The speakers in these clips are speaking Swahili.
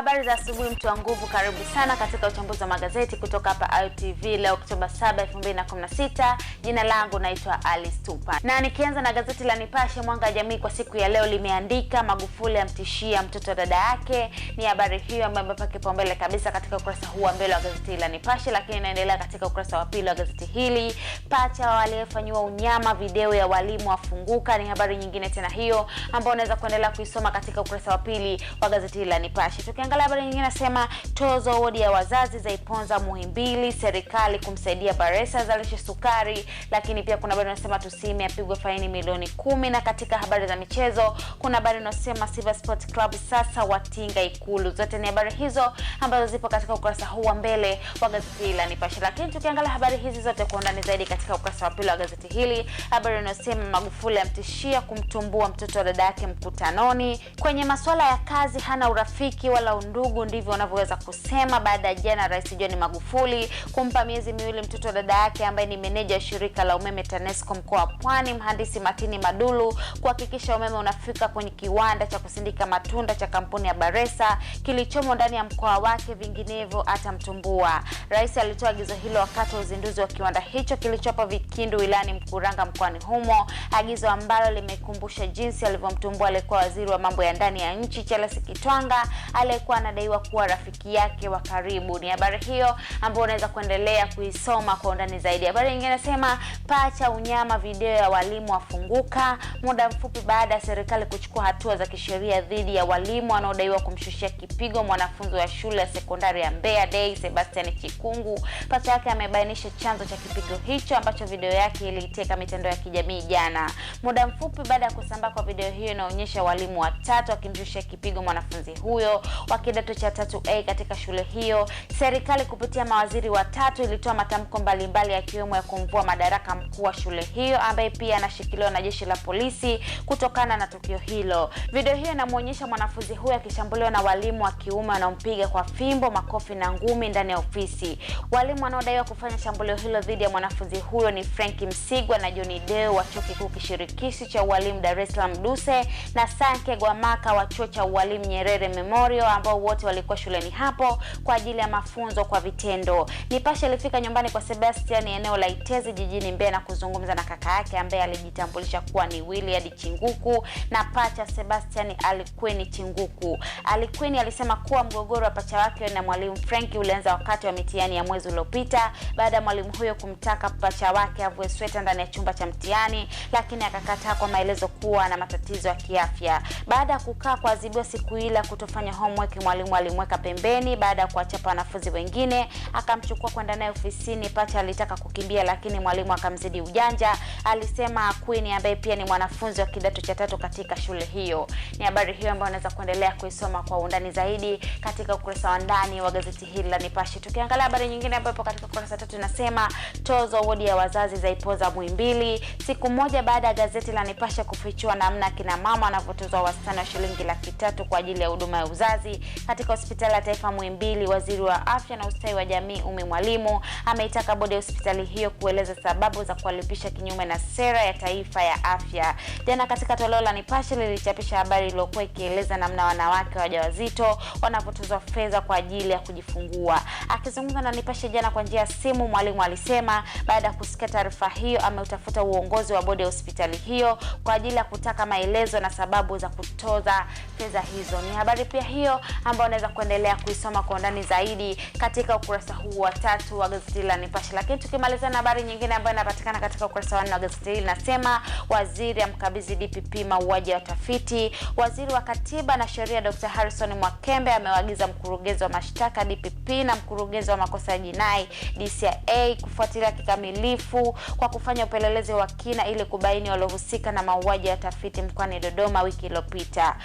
Habari za asubuhi, mtu wa nguvu, karibu sana katika uchambuzi wa magazeti kutoka hapa Ayo leo Oktoba 7, 2016. Jina langu naitwa Alice Tupa, na nikianza na gazeti la Nipashe Mwanga wa Jamii kwa siku ya leo limeandika Magufuli amtishia mtoto dada yake. Ni habari hiyo ambayo imepata kipaumbele kabisa katika ukurasa huu wa mbele wa gazeti la Nipashe, lakini inaendelea katika ukurasa wa pili wa gazeti hili. Pacha wa waliofanyiwa unyama, video ya walimu afunguka, ni habari nyingine tena hiyo ambayo unaweza kuendelea kuisoma katika ukurasa wa pili wa gazeti la Nipashe. Tukiangalia habari nyingine, nasema tozo wodi ya wazazi zaiponza Muhimbili, serikali kumsaidia Baresa azalishe sukari. Lakini pia kuna habari inasema Tusime apigwe faini milioni kumi. Na katika habari za michezo kuna habari inasema Silver Sports Club sasa watinga Ikulu. Zote ni habari hizo ambazo zipo katika ukurasa huu wa mbele wa gazeti la Nipashe. Lakini tukiangalia habari hizi zote kwa undani zaidi katika ukurasa wa pili wa gazeti hili, habari inasema Magufuli amtishia kumtumbua mtoto wa dada yake mkutanoni. Kwenye masuala ya kazi hana urafiki wala ndugu ndivyo wanavyoweza kusema baada ya jana Rais John Magufuli kumpa miezi miwili mtoto wa dada yake ambaye ni meneja wa shirika la umeme TANESCO mkoa wa Pwani, mhandisi matini Madulu kuhakikisha umeme unafika kwenye kiwanda cha kusindika matunda cha kampuni ya Baresa kilichomo ndani ya mkoa wake, vinginevyo atamtumbua. Rais alitoa agizo hilo wakati wa uzinduzi wa kiwanda hicho kilichopo Vikindu wilayani Mkuranga mkoani humo, agizo ambalo limekumbusha jinsi alivyomtumbua aliyekuwa waziri wa mambo ya ndani ya nchi Charles Kitwanga aliyekuwa alikuwa anadaiwa kuwa rafiki yake wa karibu. Ni habari hiyo ambayo unaweza kuendelea kuisoma kwa undani zaidi. Habari nyingine nasema pacha unyama, video ya walimu wafunguka muda mfupi baada ya serikali kuchukua hatua za kisheria dhidi ya walimu wanaodaiwa kumshushia kipigo mwanafunzi wa shule ya sekondari ya Mbeya Day Sebastian Chikungu. Pacha yake amebainisha chanzo cha kipigo hicho ambacho video yake iliteka mitandao ya kijamii jana. Muda mfupi baada ya kusambaa kwa video hiyo, inaonyesha walimu watatu akimshushia kipigo mwanafunzi huyo wa kidato cha tatu A katika shule hiyo. Serikali kupitia mawaziri watatu ilitoa matamko mbalimbali yakiwemo ya kumvua madaraka mkuu wa shule hiyo ambaye pia anashikiliwa na jeshi la polisi kutokana na tukio hilo. Video hiyo inamwonyesha mwanafunzi huyo akishambuliwa na walimu wa kiume wanaompiga kwa fimbo, makofi na ngumi ndani ya ofisi. Walimu wanaodaiwa kufanya shambulio hilo dhidi ya mwanafunzi huyo ni Frank Msigwa na John Deo wa chuo kikuu kishirikishi cha ualimu Dar es Salaam DUCE na Sanke Gwamaka wa chuo cha ualimu Nyerere Memorial ambao wote walikuwa shuleni hapo kwa ajili ya mafunzo kwa vitendo. Nipashe alifika nyumbani kwa Sebastian eneo la Itezi jijini Mbeya na kuzungumza na kaka yake ambaye alijitambulisha kuwa ni Williard Chinguku na pacha Sebastian Alikweni Chinguku. Alikweni alisema kuwa mgogoro wa pacha wake na mwalimu Frank ulianza wakati wa mitihani ya mwezi uliopita baada ya mwalimu huyo kumtaka pacha wake avue sweta ndani ya chumba cha mtihani, lakini akakataa kwa maelezo kuwa na matatizo ya kiafya. Baada ya kukaa azibio siku ile kutofanya homework kwake mwalimu alimweka pembeni baada ya kuwachapa wanafunzi wengine, akamchukua kwenda naye ofisini. Pacha alitaka kukimbia, lakini mwalimu akamzidi ujanja, alisema Queen ambaye pia ni mwanafunzi wa kidato cha tatu katika shule hiyo. Ni habari hiyo ambayo unaweza kuendelea kuisoma kwa undani zaidi katika ukurasa wa ndani wa gazeti hili la Nipashe. Tukiangalia habari nyingine ambayo ipo katika ukurasa tatu inasema tozo wodi ya wazazi zaipoza Muhimbili siku moja baada ya gazeti la Nipashe kufichua namna kina mama wanavyotozwa wastani wa shilingi laki tatu kwa ajili ya huduma ya uzazi katika hospitali ya taifa Muhimbili. Waziri wa afya na ustawi wa jamii Ummy Mwalimu ameitaka bodi ya hospitali hiyo kueleza sababu za kuwalipisha kinyume na sera ya taifa ya afya. Jana katika toleo la Nipashe lilichapisha habari iliyokuwa ikieleza namna wanawake wajawazito wanapotozwa fedha kwa ajili ya kujifungua. Akizungumza na Nipashe jana kwa njia ya simu, Mwalimu alisema baada ya kusikia taarifa hiyo ameutafuta uongozi wa bodi ya hospitali hiyo kwa ajili ya kutaka maelezo na sababu za kutoza fedha hizo. Ni habari pia hiyo ambayo unaweza kuendelea kuisoma kwa undani zaidi katika ukurasa huu wa tatu wa gazeti la Nipashe. Lakini tukimaliza na habari nyingine ambayo inapatikana katika ukurasa wa nne wa gazeti hili, nasema waziri amkabidhi DPP mauaji ya watafiti. Waziri wa Katiba na Sheria Dr. Harrison Mwakembe amewaagiza mkurugenzi wa mashtaka DPP na mkurugenzi wa makosa ya jinai DCIA kufuatilia kikamilifu kwa kufanya upelelezi wa kina ili kubaini waliohusika na mauaji ya watafiti mkoani Dodoma wiki iliyopita.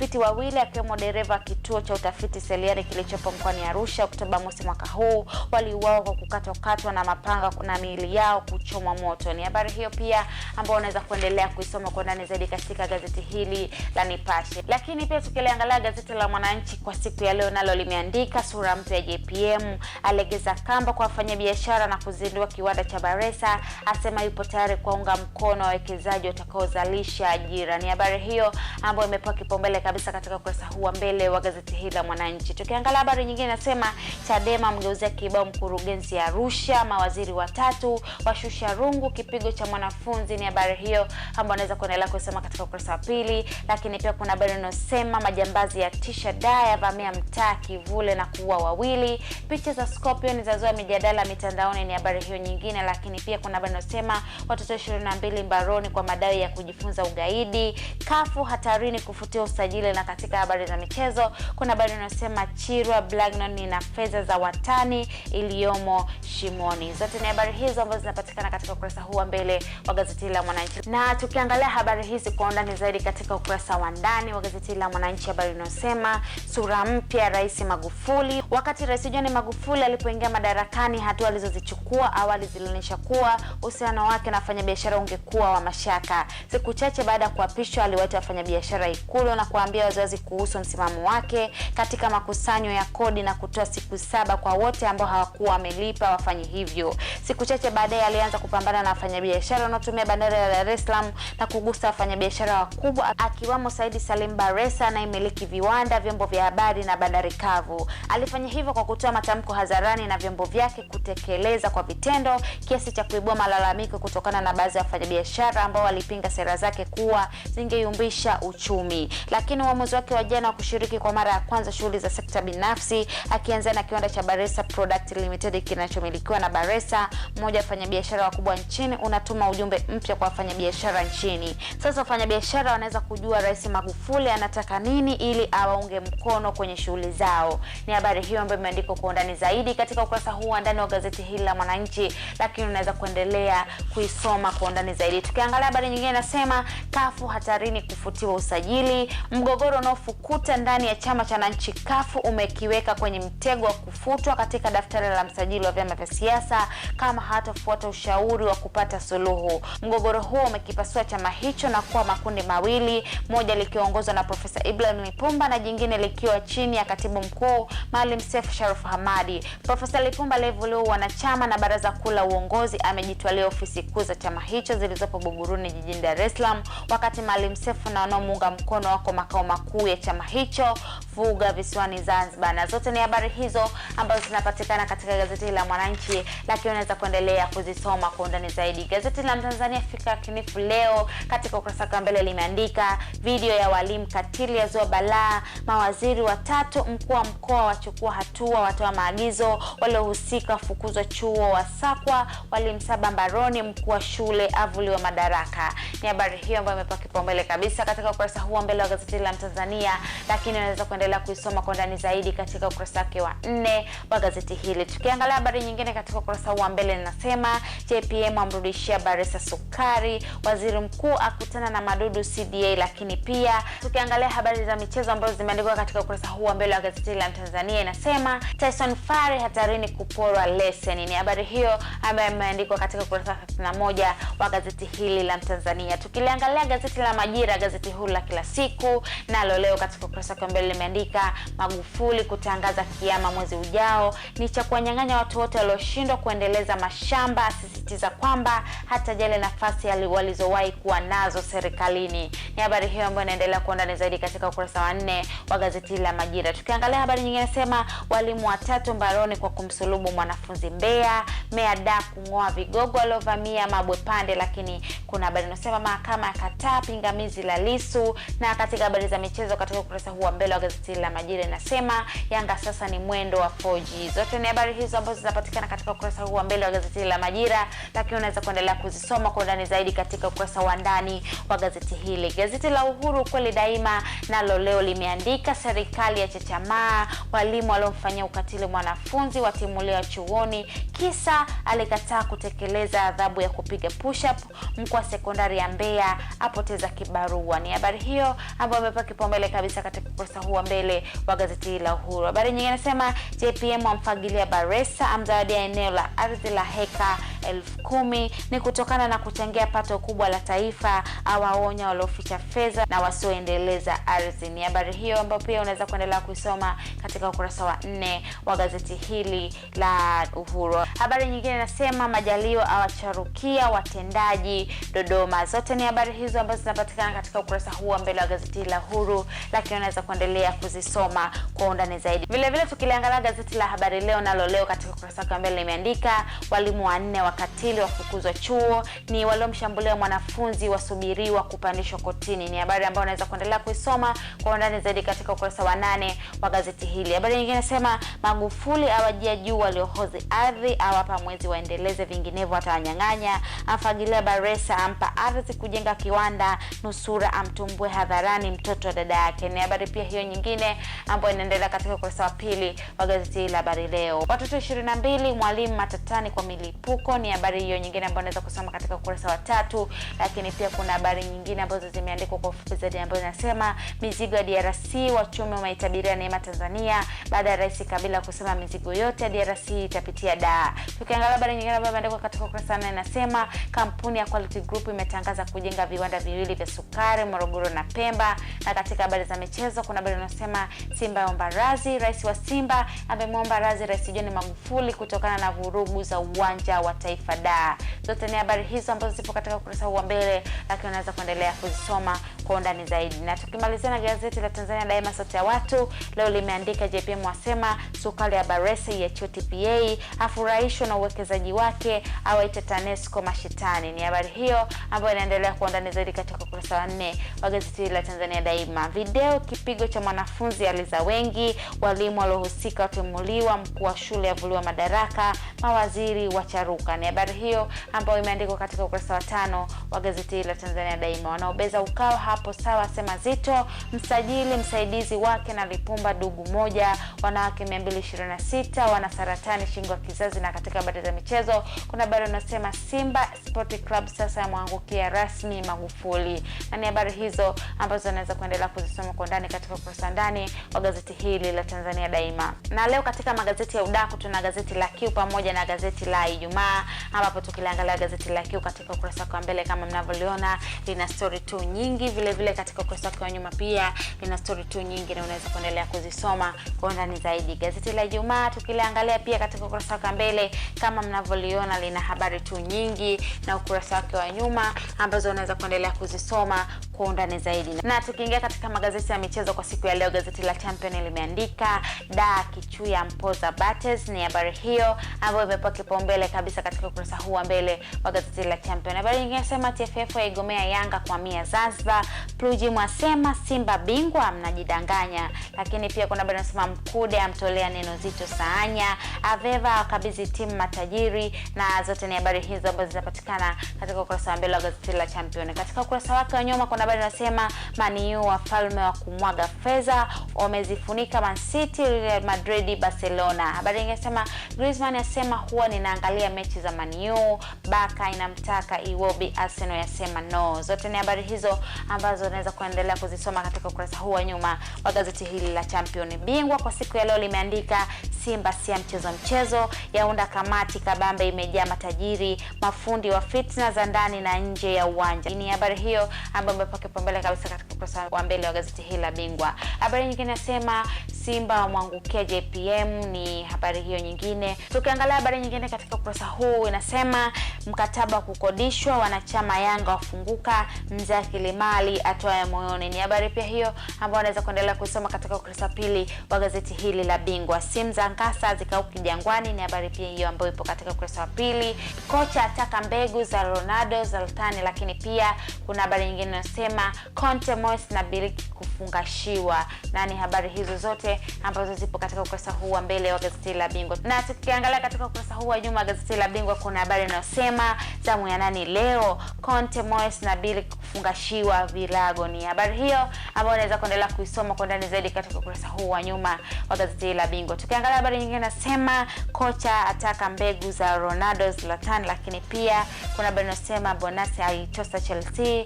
Watafiti wawili akiwemo dereva wa kituo cha utafiti Seliani kilichopo mkoani Arusha Oktoba mosi mwaka huu waliuawa kwa kukatwakatwa na mapanga na miili yao kuchomwa moto. Ni habari hiyo pia ambayo unaweza kuendelea kuisoma kwa ndani zaidi katika gazeti hili la Nipashe. Lakini pia tukiliangalia gazeti la Mwananchi kwa siku ya leo, nalo limeandika sura mpya ya JPM, alegeza kamba kwa wafanyabiashara na kuzindua kiwanda cha Baresa, asema yupo tayari kuwaunga mkono wawekezaji watakaozalisha ajira. Ni habari hiyo ambayo imepewa kipaumbele kabisa katika ukurasa huu wa mbele wa gazeti hili la Mwananchi. Tukiangalia habari nyingine, nasema Chadema mgeuzia kibao mkurugenzi Arusha, mawaziri watatu washusha rungu kipigo cha mwanafunzi. Ni habari hiyo ambayo unaweza kuendelea kusoma katika ukurasa wa pili, lakini pia kuna habari inayosema majambazi ya tisha da yavamia mtaa Kivule na kuua wawili. Picha za Scorpion zazua mijadala mitandaoni, ni habari hiyo nyingine, lakini pia kuna habari inayosema watoto 22 mbaroni kwa madai ya kujifunza ugaidi. Kafu hatarini kufutia usajili Majile. Na katika habari za michezo kuna habari inayosema Chirwa Blacknon na fedha za watani iliyomo shimoni. Zote ni habari hizo ambazo zinapatikana katika ukurasa huu wa mbele wa gazeti la Mwananchi, na tukiangalia habari hizi kwa undani zaidi katika ukurasa wa ndani wa gazeti la Mwananchi, habari inayosema sura mpya Rais Magufuli. Wakati Rais John Magufuli alipoingia madarakani, hatua alizozichukua awali zilionyesha kuwa uhusiano wake na wafanyabiashara ungekuwa wa mashaka. Siku chache baada ya kuapishwa, aliwaita wafanyabiashara Ikulu na kwa kuwaambia wazazi kuhusu msimamo wake katika makusanyo ya kodi na kutoa siku saba kwa wote ambao hawakuwa wamelipa wafanye hivyo. Siku chache baadaye alianza kupambana na wafanyabiashara wanaotumia bandari ya Dar es Salaam na kugusa wafanyabiashara wakubwa akiwamo Saidi Salim Baresa anayemiliki viwanda, vyombo vya habari na bandari kavu. Alifanya hivyo kwa kutoa matamko hadharani na vyombo vyake kutekeleza kwa vitendo kiasi cha kuibua malalamiko kutokana na baadhi ya wafanyabiashara ambao walipinga sera zake kuwa zingeyumbisha uchumi lakini uamuzi wake wa jana wa kushiriki kwa mara ya kwanza shughuli za sekta binafsi akianza na kiwanda cha Baresa Product Limited kinachomilikiwa na Baresa, mmoja wafanyabiashara wakubwa nchini, unatuma ujumbe mpya kwa wafanyabiashara nchini. Sasa wafanyabiashara wanaweza kujua Rais Magufuli anataka nini ili awaunge mkono kwenye shughuli zao. Ni habari hiyo ambayo imeandikwa kwa undani zaidi katika ukurasa huu wa ndani wa gazeti hili la Mwananchi, lakini unaweza kuendelea kuisoma kwa undani zaidi. Tukiangalia habari nyingine, nasema kafu hatarini kufutiwa usajili Mgogoro unaofukuta ndani ya chama cha wananchi kafu umekiweka kwenye mtego wa kufutwa katika daftari la msajili wa vyama vya siasa kama hatofuata ushauri wa kupata suluhu. Mgogoro huo umekipasua chama hicho na kuwa makundi mawili, moja likiongozwa na Profesa Ibrahim Lipumba na jingine likiwa chini ya katibu mkuu Maalim Seif Sharif hamadi Profesa Lipumba aliyevuliwa wanachama na baraza kuu la uongozi amejitwalia ofisi kuu za chama hicho zilizopo Buguruni jijini Dar es Salaam, wakati Maalim Seif na wanaomuunga mkono wako makao makuu ya chama hicho kufuga visiwani Zanzibar, na zote ni habari hizo ambazo zinapatikana katika gazeti la Mwananchi, lakini unaweza kuendelea kuzisoma kwa undani zaidi. Gazeti la Mtanzania Fikra Kinifu leo katika ukurasa wa mbele limeandika video ya walimu katili ya zua balaa, mawaziri watatu, mkuu wa mkoa wachukua hatua, watoa maagizo, waliohusika fukuzwa chuo, wasakwa walimu saba mbaroni, mkuu wa shule avuliwa madaraka. Ni habari hiyo ambayo imepewa kipaumbele kabisa katika ukurasa huo mbele wa gazeti la Mtanzania, lakini unaweza kuendelea Endelea kuisoma kwa ndani zaidi katika ukurasa wake wa nne wa gazeti hili. Tukiangalia habari nyingine katika ukurasa huu wa mbele, linasema JPM amrudishia Baresa sukari, waziri mkuu akutana na madudu CDA. Lakini pia tukiangalia habari za michezo ambazo zimeandikwa katika ukurasa huu wa mbele wa gazeti la Mtanzania, inasema Tyson Fury hatarini kuporwa leseni. Ni habari hiyo ambayo imeandikwa katika ukurasa 31 wa gazeti hili la Mtanzania. Tukiliangalia gazeti la Majira, gazeti huru la kila siku, nalo leo katika ukurasa wa mbele limeandikwa kuandika Magufuli kutangaza kiama mwezi ujao ni cha kuwanyang'anya watu wote walioshindwa kuendeleza mashamba, asisitiza kwamba hatajali nafasi walizowahi kuwa nazo serikalini. Ni habari hiyo ambayo inaendelea kuwa ndani zaidi katika ukurasa wa nne wa gazeti la Majira. Tukiangalia habari nyingine, inasema walimu watatu mbaroni kwa kumsulubu mwanafunzi Mbeya. Meya da kung'oa vigogo waliovamia Mabwe Pande, lakini kuna habari inasema mahakama ya kataa pingamizi la Lisu. Na katika habari za michezo katika ukurasa huu wa mbele wa gazeti gazeti la Majira inasema Yanga sasa ni mwendo wa 4G. Zote ni habari hizo ambazo zinapatikana katika ukurasa huu wa mbele wa gazeti la Majira, lakini unaweza kuendelea kuzisoma kwa undani zaidi katika ukurasa wa ndani wa gazeti hili. Gazeti la Uhuru kweli daima nalo leo limeandika serikali ya chechamaa walimu waliomfanyia ukatili mwanafunzi watimuliwa chuoni, kisa alikataa kutekeleza adhabu ya kupiga push up. Mkuu wa sekondari ya Mbeya apoteza kibarua. Ni habari hiyo ambayo imepewa kipaumbele kabisa katika ukurasa huu wa mbele mbele wa gazeti la Uhuru. Habari nyingine anasema JPM wamfagilia Baresa amzawadia eneo la ardhi la heka elfu kumi ni kutokana na kuchangia pato kubwa la taifa. Awaonya walioficha fedha na wasioendeleza ardhi. Ni habari hiyo ambayo pia unaweza kuendelea kuisoma katika ukurasa wa nne wa gazeti hili la Uhuru. Habari nyingine inasema Majalio awacharukia watendaji Dodoma. Zote ni habari hizo ambazo zinapatikana katika ukurasa huu wa mbele wa gazeti la Uhuru, lakini unaweza kuendelea kuzisoma kwa undani zaidi. Vilevile tukiliangalia gazeti la Habari Leo, nalo leo katika ukurasa wa mbele limeandika walimu wanne wa wakatili kufukuzwa chuo, ni waliomshambulia mwanafunzi wasubiriwa kupandishwa kotini. Ni habari ambayo unaweza kuendelea kuisoma kwa undani zaidi katika ukurasa wa nane wa gazeti hili. Habari nyingine inasema Magufuli awajia juu waliohozi ardhi, awapa mwezi waendeleze, vinginevyo atawanyang'anya. afagilia Baresa, ampa ardhi kujenga kiwanda. Nusura amtumbue hadharani mtoto wa dada yake. Ni habari pia hiyo nyingine ambayo inaendelea katika ukurasa wa pili wa gazeti hili Habari Leo. Watoto 22 mwalimu matatani kwa milipuko ni habari hiyo nyingine ambayo unaweza kusoma katika ukurasa wa tatu, lakini pia kuna habari nyingine ambazo zimeandikwa kwa ufupi zaidi ambayo inasema mizigo ya DRC, wachumi wameitabiria neema Tanzania baada ya Rais Kabila kusema mizigo yote ya DRC itapitia da. Tukiangalia habari nyingine ambayo imeandikwa katika ukurasa wa nne, inasema kampuni ya Quality Group imetangaza kujenga viwanda viwili vya sukari Morogoro na Pemba. Na katika habari za michezo kuna habari inasema Simba yaomba radhi, rais wa Simba amemwomba radhi Rais John Magufuli kutokana na vurugu za uwanja wa Taifa Da. Zote ni habari hizo ambazo zipo katika ukurasa huu wa mbele, lakini unaweza kuendelea kuzisoma kwa undani zaidi. Na tukimalizia na gazeti la Tanzania Daima, sauti ya watu, leo limeandika JPM wasema serikali ya Baresi ya TPA afurahishwa na uwekezaji wake, awaita TANESCO mashitani. Ni habari hiyo ambayo inaendelea kwa undani zaidi katika ukurasa wa nne wa gazeti la Tanzania Daima. Video kipigo cha mwanafunzi aliza wengi, walimu waliohusika watimuliwa, mkuu wa shule avuliwa madaraka mawaziri wa charuka. Ni habari hiyo ambayo imeandikwa katika ukurasa wa tano wa gazeti la Tanzania Daima. Wanaobeza ukawa hapo sawa, sema Zito, msajili msaidizi wake na Lipumba dugu moja, wanawake 226 wana saratani shingo ya kizazi. Na katika habari za michezo kuna habari unasema Simba Sport Club sasa yamwangukia rasmi Magufuli, na ni habari hizo ambazo naweza kuendelea kuzisoma kwa ndani katika ukurasa ndani wa gazeti hili la Tanzania Daima. Na leo katika magazeti ya udaku tuna gazeti la Kiu pamoja pamoja na gazeti la Ijumaa ambapo tukiliangalia gazeti la Kiu katika ukurasa wa mbele kama mnavyoliona lina story tu nyingi, vile vile katika ukurasa wa nyuma pia lina story tu nyingi, na unaweza kuendelea kuzisoma kwa undani zaidi. Gazeti la Ijumaa tukiliangalia pia katika ukurasa wa mbele kama mnavyoliona lina habari tu nyingi na ukurasa wake wa nyuma ambazo unaweza kuendelea kuzisoma kwa undani zaidi. Na tukiingia katika magazeti ya michezo kwa siku ya leo, gazeti la Champion limeandika da Kichuya mpoza Bates, ni habari hiyo ambayo imepewa kipaumbele kabisa katika ukurasa huu wa mbele wa gazeti la Champion. Habari nyingine inasema TFF yaigomea Yanga kwa mia Zanzibar, Pluji mwasema Simba bingwa mnajidanganya. Lakini pia kuna habari inasema Mkude amtolea neno zito Saanya, Aveva wakabidhi timu matajiri, na zote ni habari hizo ambazo zinapatikana katika ukurasa wa mbele wa gazeti la Champion. Katika ukurasa wake wa nyuma kuna habari inasema Maniu wafalme wa kumwaga fedha wamezifunika Man City, Real Madrid, Barcelona. Habari nyingine inasema Griezmann asema anasema huwa ninaangalia mechi za Man U, Baka inamtaka Iwobi, Arsenal yasema no. Zote ni habari hizo ambazo unaweza kuendelea kuzisoma katika ukurasa huu wa nyuma wa gazeti hili la Champion. Bingwa kwa siku ya leo limeandika Simba si ya mchezo mchezo, yaunda kamati kabambe, imejaa matajiri, mafundi wa fitna za ndani na nje ya uwanja. Ni habari hiyo ambayo imepewa kipaumbele kabisa katika ukurasa wa mbele wa gazeti hili la Bingwa. Habari nyingine nasema Simba wamwangukia JPM, ni habari hiyo nyingine tukiangalia habari nyingine katika ukurasa huu inasema mkataba wa kukodishwa wanachama Yanga wafunguka, mzee Kilimali atoaye moyoni. Ni habari pia hiyo ambayo unaweza kuendelea kusoma katika ukurasa pili wa gazeti hili la Bingwa. Simu za Nkasa zikauki Jangwani, ni habari pia hiyo ambayo ipo katika ukurasa wa pili. Kocha ataka mbegu za Ronaldo Zaltani, lakini pia kuna habari nyingine inasema Conte Moyes na Biliki kufungashiwa, na ni habari hizo zote ambazo zipo katika ukurasa huu wa mbele wa gazeti la Bingwa, na tukiangalia katika katika ukurasa huu wa nyuma gazeti la Bingwa kuna habari inayosema zamu ya nani leo, Conte Moyes na Bill kufungashiwa vilago. Ni habari hiyo ambayo unaweza kuendelea kuisoma kwa ndani zaidi katika ukurasa huu wa nyuma wa gazeti la Bingwa. Tukiangalia habari nyingine, nasema kocha ataka mbegu za Ronaldo Zlatan, lakini pia kuna habari inayosema Bonasi aitosa Chelsea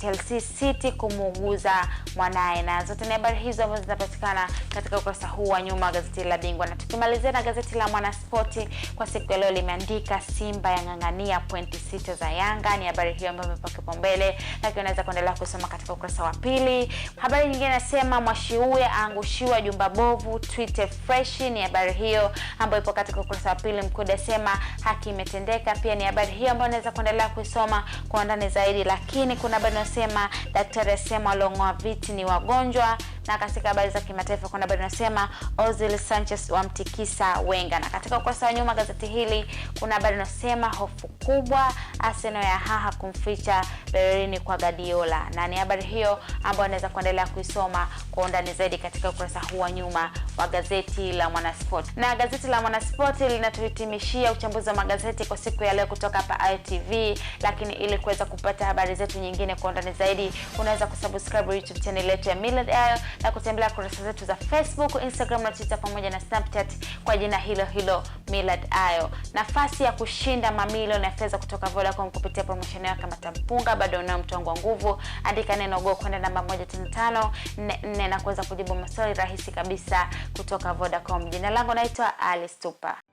Chelsea City kumuuguza mwanaye, na zote ni habari hizo ambazo zinapatikana katika ukurasa huu wa nyuma wa gazeti la Bingwa, na tukimalizia na gazeti la Mwanaspoti kwa siku ya leo limeandika Simba yang'ang'ania pointi sita za Yanga. Ni habari hiyo ambayo imepewa kipaumbele, lakini unaweza kuendelea kusoma katika ukurasa wa pili. Habari nyingine inasema Mwashiuwe angushiwa jumba bovu, twite fresh. Ni habari hiyo ambayo ipo katika ukurasa wa pili. Mkudi asema haki imetendeka, pia ni habari hiyo ambayo unaweza kuendelea kusoma kwa undani zaidi, lakini kuna habari wanasema daktari asema waliong'oa viti ni wagonjwa na katika habari za kimataifa kuna habari inasema Ozil Sanchez wamtikisa Wenga, na katika ukurasa wa nyuma gazeti hili kuna habari inasema hofu kubwa Arsenal ya haha kumficha Bellerini kwa Guardiola, na ni habari hiyo ambayo anaweza kuendelea kuisoma kwa undani zaidi katika ukurasa huu wa nyuma wa gazeti la Mwanasport. Na gazeti la Mwanasport linatuhitimishia uchambuzi wa magazeti kwa siku ya leo kutoka hapa ITV, lakini ili kuweza kupata habari zetu nyingine kwa undani zaidi unaweza kusubscribe YouTube channel yetu ya Millard Ayo na kutembelea kurasa zetu za Facebook, Instagram na Twitter pamoja na Snapchat kwa jina hilo hilo Millard Ayo. Nafasi ya kushinda mamilioni ya fedha kutoka Vodacom kupitia promotion yao kama tampunga bado unao mtongo wa nguvu. Andika neno go kwenda namba 15544 na kuweza kujibu maswali rahisi kabisa kutoka Vodacom. Jina langu naitwa Alice Tupa.